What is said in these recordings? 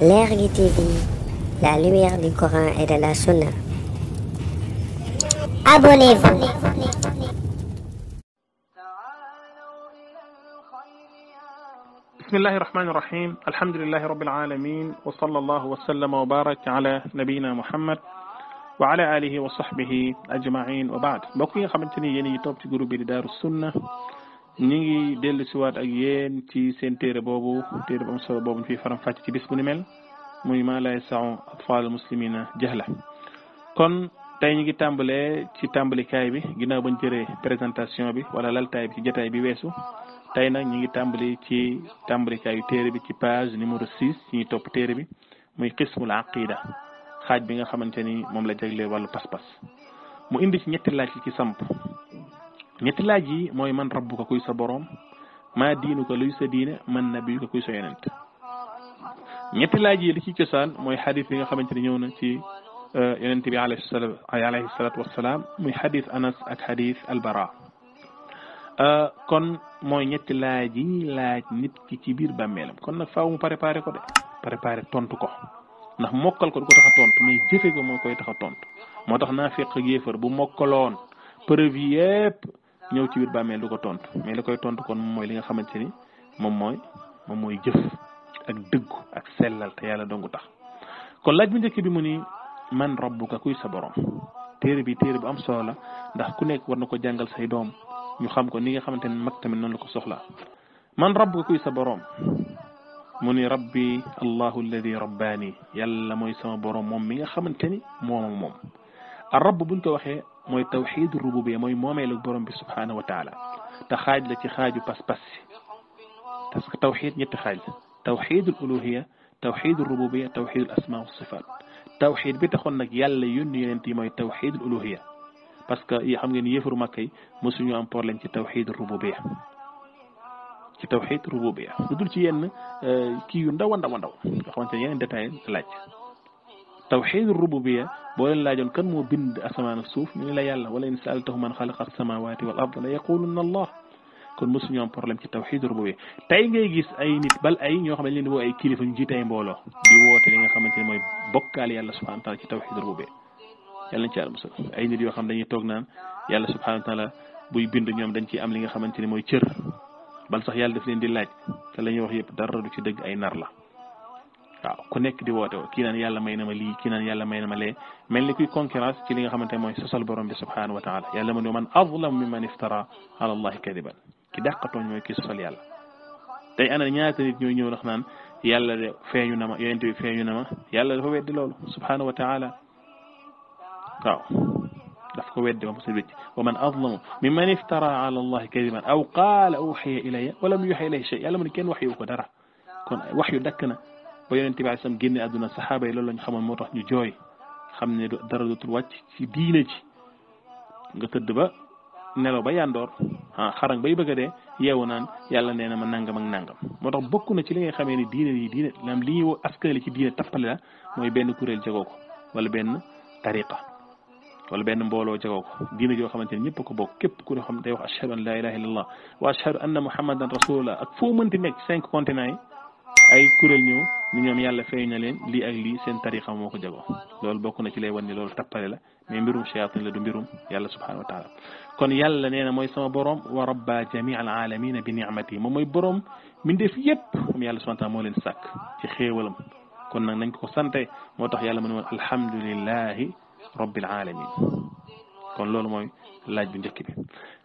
L'Ergue TV, la lumière du Coran et de la Sunna. Abonnez-vous. بسم الله الرحمن الرحيم الحمد لله رب العالمين وصلى الله وسلم وبارك على نبينا محمد وعلى آله وصحبه أجمعين وبعد بقي خمتني يني توب تقولوا دار السنة ñu ngi dellu siwaat ak yéen ci seen téere boobu téere bu solo boobu ñu fiy faram fàcc ci bis bu ni mel muy maa laa yasau atfaalu muslimina jahla kon tey ñu ngi tàmbalee ci tàmbalikaay bi ginnaaw bañ jëree présentation bi wala laltaay bi ci jataay bi weesu tey nag ñu ngi tàmbali ci tàmbalikaayu téere bi ci page numéro six ci ñuy topp téere bi muy qismul aqida xaaj bi nga xamante ni moom la jaglee wàllu pas-pas mu indi ci ñetti laaj yi ci samp ñetti laaj yi mooy man rabbu ko kuy sa boroom maa diinu ko luy sa diine man nabiyu ko kuy sa yonent ñetti laaj yi li ci cosaan mooy xadis yi nga xamante ne ñëw na ci yonent bi alayhi salaatu wassalaam muy xadis anas ak xadis albara kon mooy ñetti laaj yi laaj nit ki ci biir bàmmeelam kon nag faaw mu préparé ko de préparé tontu ko ndax mokkal ko du ko tax a tontu mais jëfe ko moo koy tax a tontu moo tax naa fekk yéefar bu mokkaloon preuve yépp ñëw ci biir bàmmeel du ko tontu mais li koy tontu kon mooy li nga xamante ni moom mooy moom mooy jëf ak dëggu ak sellal te yàlla dongu tax kon laaj bu njëkk bi mu ni man ka kuy sa borom téere bi téere bu am solo la ndax ku nekk war na ko jàngal say doom ñu xam ko ni nga xamante ni mag tamit noonu la ko soxla man rabbuka kuy sa borom mu ni rabbi allahu alladi rabbaani yàlla mooy sama boroom moom mi nga xamante ni moom ak moom ar rabb buñ ko waxee mooy tawxiidu rububiya mooy moomeelu borom bi subhaanahu wa taala te xaaj la ci xaaju pas-pas si parce que tawxiid ñetti xaaj la tawxiidul uluhiya tawxiidul rububiya tawxiidul asmaa wa sifaat tawxiid bi taxoon nag yàlla yónni yonent yi mooy tawxiidul uluhiya parce que yi xam ngeen yëfaru màkka yi mosuñu am problème ci tawxiidul rububiya ci tawxiid rububiya lu dul ci yenn kii yu ndaw a ndaw a ndaw nga xamante ne yeneen détail laaj توحيد الربوبيه بول لا جون كان مو بند اسمان السوف من لا يالا ولا سالته من خلق السماوات والارض لا يقول ان الله كون مسلم يوم بروبليم كي توحيد الربوبيه تاي غي غيس اي نيت بل اي ньо خامل لي نبو اي كليفه نجي تاي مbolo دي ووتي ليغا خامل تي موي بوكال يالا سبحانه وتعالى كي توحيد الربوبيه يالا نتي يالا مسلم اي نيت يو خام داني توك نان يالا سبحانه وتعالى بوي بند نيوم دنجي ام ليغا خامل تي موي تير بل صح يالا داف لين دي لاج تا لا وخ يب دار دو سي دغ اي نار لا waaw ku nekk di woote kii naan yàlla may na ma lii kii naan yàlla may na ma lee mel ni kuy concurrence ci li nga xamante mooy sosal borom bi subhanahu wa taala yàlla mu ne man azlam mimman iftara ala allahi kadiban ki dàqatooñ mooy ki sosal yàlla tey ana ñaata nit ñooy ñëw ndax naan yàlla de feeñu na ma yonent bi feeñu na ma yàlla dafa weddi loolu subhanahu wa taala waaw daf ko weddi ba mu sëbëj wa man azlamu mimman iftara ala allah kadiban aw qala uhiya ilayya wa lam yuxa ilayhi shay yàlla mu ken wahyu ko dara kon wahyu dakk na ba yonent bi alayhi salaam génne àdduna saxaaba yi lool la ñu xamoon moo tax ñu jooy xam ne dara dootul wàcc ci diine ci nga tëdd ba nelaw ba yandoor ah bay bëgg a dee yeewu naan yàlla nee na ma nangam ak nangam moo tax bokk na ci li ngay xamee ni diine yi diine maanaam li ñuy woo ci diine tappale mooy benn kuréel jagoo ko wala benn tariqa wala benn mbooloo jagoo ko diine joo xamante ne ñëpp ko bokk képp ku xam day wax ashhadu an laa ilaaha illallah wa ashhadu anna muhammadan rasulullah ak mënti nekk cinq continents ay kurel ñëw ni ñom yàlla feeñ na leen li ak li seen tarixa moko jago lool bokku na ci lay wone lool tapale la mais mbirum shayatin la du mbirum yàlla subhanahu wa taala kon yàlla neena moy sama borom wa rabba jami al alamin bi ni'mati moom moy borom mbindeef yep moom yàlla subhanahu wa taala mo leen sak ci xéewalam kon nak nañ ko sante moo tax yàlla mo ne woon alhamdulillahi rabbil alamin kon loolu mooy laaj bu njëkk bi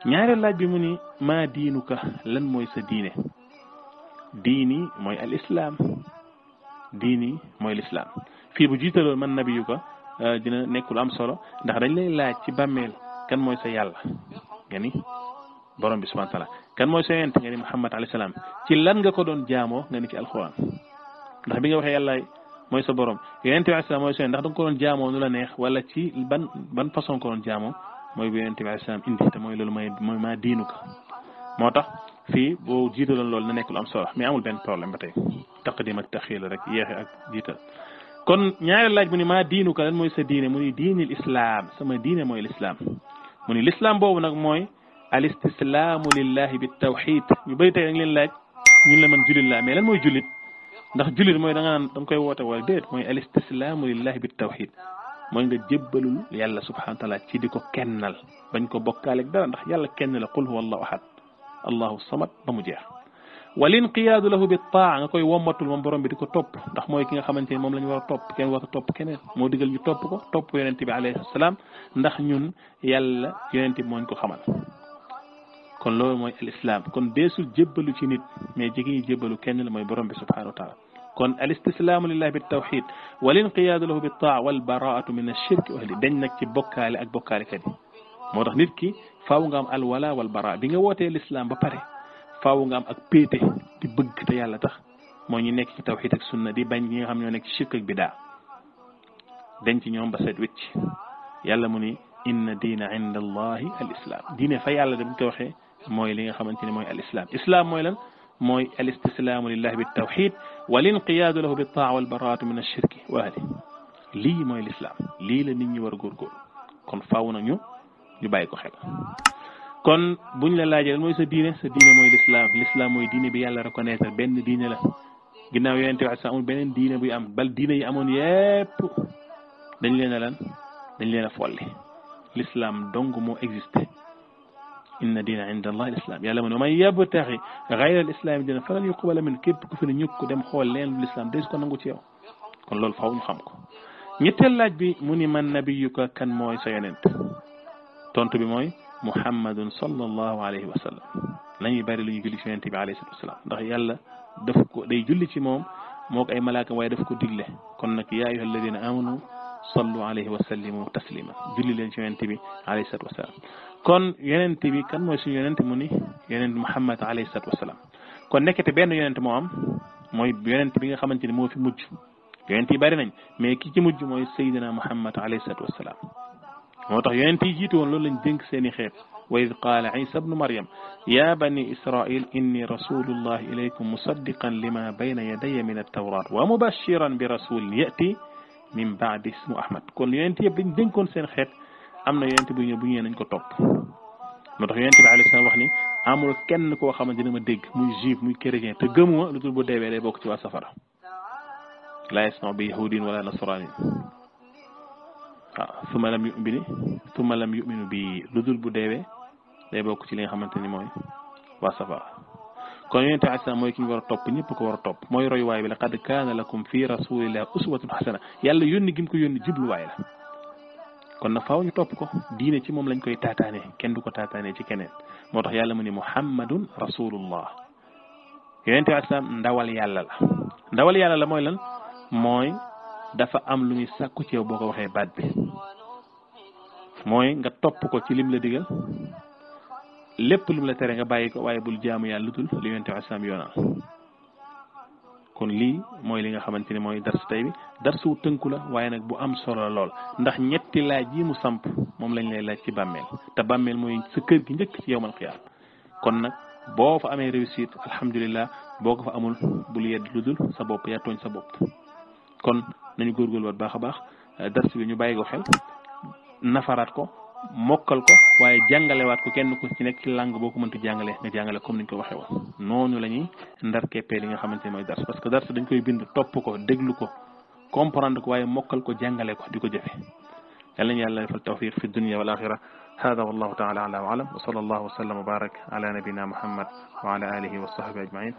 ñaareel laaj bi mu ni maa diinuka lan mooy sa diine ديني موي الاسلام ديني موي الاسلام في بو جيتال من نبيوكا آه، دينا نيكول ام سولو داخ داج لاي لاج سي باميل كان موي سا يالا يعني بروم بي سبحانه وتعالى كان موي سينت يعني محمد عليه السلام سي لان غا كو دون جامو غاني في القران داخ بيغا وخه يالا موي سا بروم يونت عليه السلام موي سين داخ دون كو دون جامو نولا نيه ولا سي بان بان فاصون كو دون جامو موي بي يونت عليه السلام اندي تا موي لولو ماي ما دينوكا موتاخ fi bo jitu lan lol na nekk lu am solo mais amul ben problème batay taqdim ak takhil rek yeex ak jiital kon ñaari laaj bu ni ma diinu ka lan moy sa diine mu ni diinil islaam sama diine moy l'islam mu ni lislaam boobu nag mooy al istislamu lillahi bit tawhid ñu bëri tey da laaj ñu la man julit la mais lan moy julit ndax julit moy da nga nan dang koy wote wal déet moy al istislamu lillahi bit tawhid moy nga jébbalul yàlla subhanahu wa taala ci diko kennal bañ ko ak dara ndax yàlla kenn la qul huwallahu ahad الله الصمد بمجيه والانقياد له بالطاعة نكوي ومرت المنبرون بديك توب دخ موي كيغا خامتيني موم لاني ورا توب كين ورا توب كينين مو ديغال ني توب كو توب يونتي بي عليه السلام ندخ نون يالا يونتي مو نكو خامل كون لول موي الاسلام كون بيسو جيبلو سي نيت مي جيغي جيبلو كين لا موي بروم بي سبحانه وتعالى كون الاستسلام لله بالتوحيد والانقياد له بالطاعة والبراءة من الشرك وهلي بنك بوكالي اك بوكالي كدي motax nit ki faaw nga am al wala wal bara bi nga wote l'islam ba pare faaw nga am ak pété di bëgg te yàlla tax mo ñu nekk ci tawhid ak sunna di bañ ñi nga xam ñoo nekk ci shirk ak bida den ci ñoom ba set wicc yàlla mu ni inna diina inda allahi al islam dine fa yàlla dem ko waxe moy li nga xamanteni moy al islam islam moy lan moy al istislam lillah bit tawhid wal inqiyad lahu bit taa wal baraatu min ash shirk wa ahli lii mooy lislaam lii la nit ñi war gor gor kon faaw nañu ñu bàyyi ko xel kon buñ la laajee moy sa diine sa diine moy l'islam l'islam moy diine bi yàlla reconnaître ben diine la ginnaaw yeneen te wax sax amul beneen diine buy am bal diine yi amone yépp dañ leena lan dañ leena a folli l'islam dong mo existé inna diina inda allah l'islam yàlla mu ne man yabtaxi xayra al islam dina falan yuqbal min kep ku fi ñuk dem xol leen l'islam des ko nangu ci yow kon lool faw ñu xam ko ñettel laaj bi muni man nabiyuka kan moy sa yonent tontu bi mooy muhammadun sallallahu alayhi wa sallam nañuy bari luñu julli ci yonent bi alayhi salatu wasalaam ndax yàlla daf ko day julli ci moom moo ko ay malaaka waaye daf ko digle kon nag yaa ayuha alladina amanu sallu alayhi wa sallimu taslima julli leen ci yonent bi alayhi salatu wasalaam kon yonent bi kan mooy suñu yonent mu ni yonent muhammad alayhi salatu wasalaam kon nekkete benn yonent moo am mooy yonent bi nga xamante ni moo fi mujj yonent yi bari nañ mais ki ci mujj mooy sayyidina muhammad alayhi salatu wasalaam moo tax yonent yi jiitu woon loolu lañ dénk seeni xeet wa id qaala isa bnu maryam ya bani israil inni rasulullah ilaykum musaddiqan lima bayna yadaya min altawrat wa mubashiran bi rasulin yati min baadi ismu ahmad kon yonent yëpp dañ dénkoon seen xeet am na yonent bu ñëw bu ñëwee nañ ko topp moo tax yonent bi alayhi salaam wax ni amul kenn koo xamante dina ma dégg muy juif muy chrétien te gëmuma lu dul bu deewee day bokk ci waa safara la yasma bi yahudin wala nasranin waaw suma lam yu'min bi suma lam yu'minu bi lu dul bu deewee day bokk ci li nga xamante ni mooy waa safara kon yonente alayhi salaam mooy ki ñu war a topp ñëpp ko war a topp mooy royuwaay bi laqad kaana lakum fi rasulillahi uswatun xasana yàlla yónni gi mu ko yónni jubluwaay la kon nag faaw ñu topp ko diine ci moom lañ koy taataane kenn du ko taataane ci keneen moo tax yàlla mu ne muhammadun rasulullah yonente alayhi salaam ndawal yàlla la ndawal yàlla la mooy lan mooy dafa am lu ñuy sàkku ci yow boo ko waxee baat bi mooy nga topp ko ci lim la digal lépp lum la tere nga bàyyi ko waaye bul jaamu yàlla lu dul li yonent bi islam yoonal kon lii mooy li nga xamante ni mooy darsu tey bi darsu wu tënku la waaye nag bu am solo lool ndax ñetti laaj yi mu samp moom lañ lay laaj ci bàmmeel te bàmmeel mooy sa kër gi njëkk ci yowmal xiyaam kon nag boo fa amee réussite alhamdulilah boo ko fa amul bul yedd lu dul sa bopp yaa tooñ sa bopp kon nañu góorgóorlu waat baax a baax darsu bi ñu bàyyi nafaraat ko mokkal ko waaye jàngalewaat ko kenn ku ci nekk ci langue boo ko mënti jàngale nga jàngale comme niñ ko waxee woon noonu la ñuy ndar keppee li nga xamante ne dars parce que dars dañ koy bind topp ko déglu ko comprendre ko waaye mokkal ko jàngale ko di jëfe yàlla ñu yàlla defal tawfiq fi dunya wal axira hada wallahu taala ala wa alam wa sal allahu wasallam wa barak ala nabina muhammad wa ala alihi wa sahbi ajmain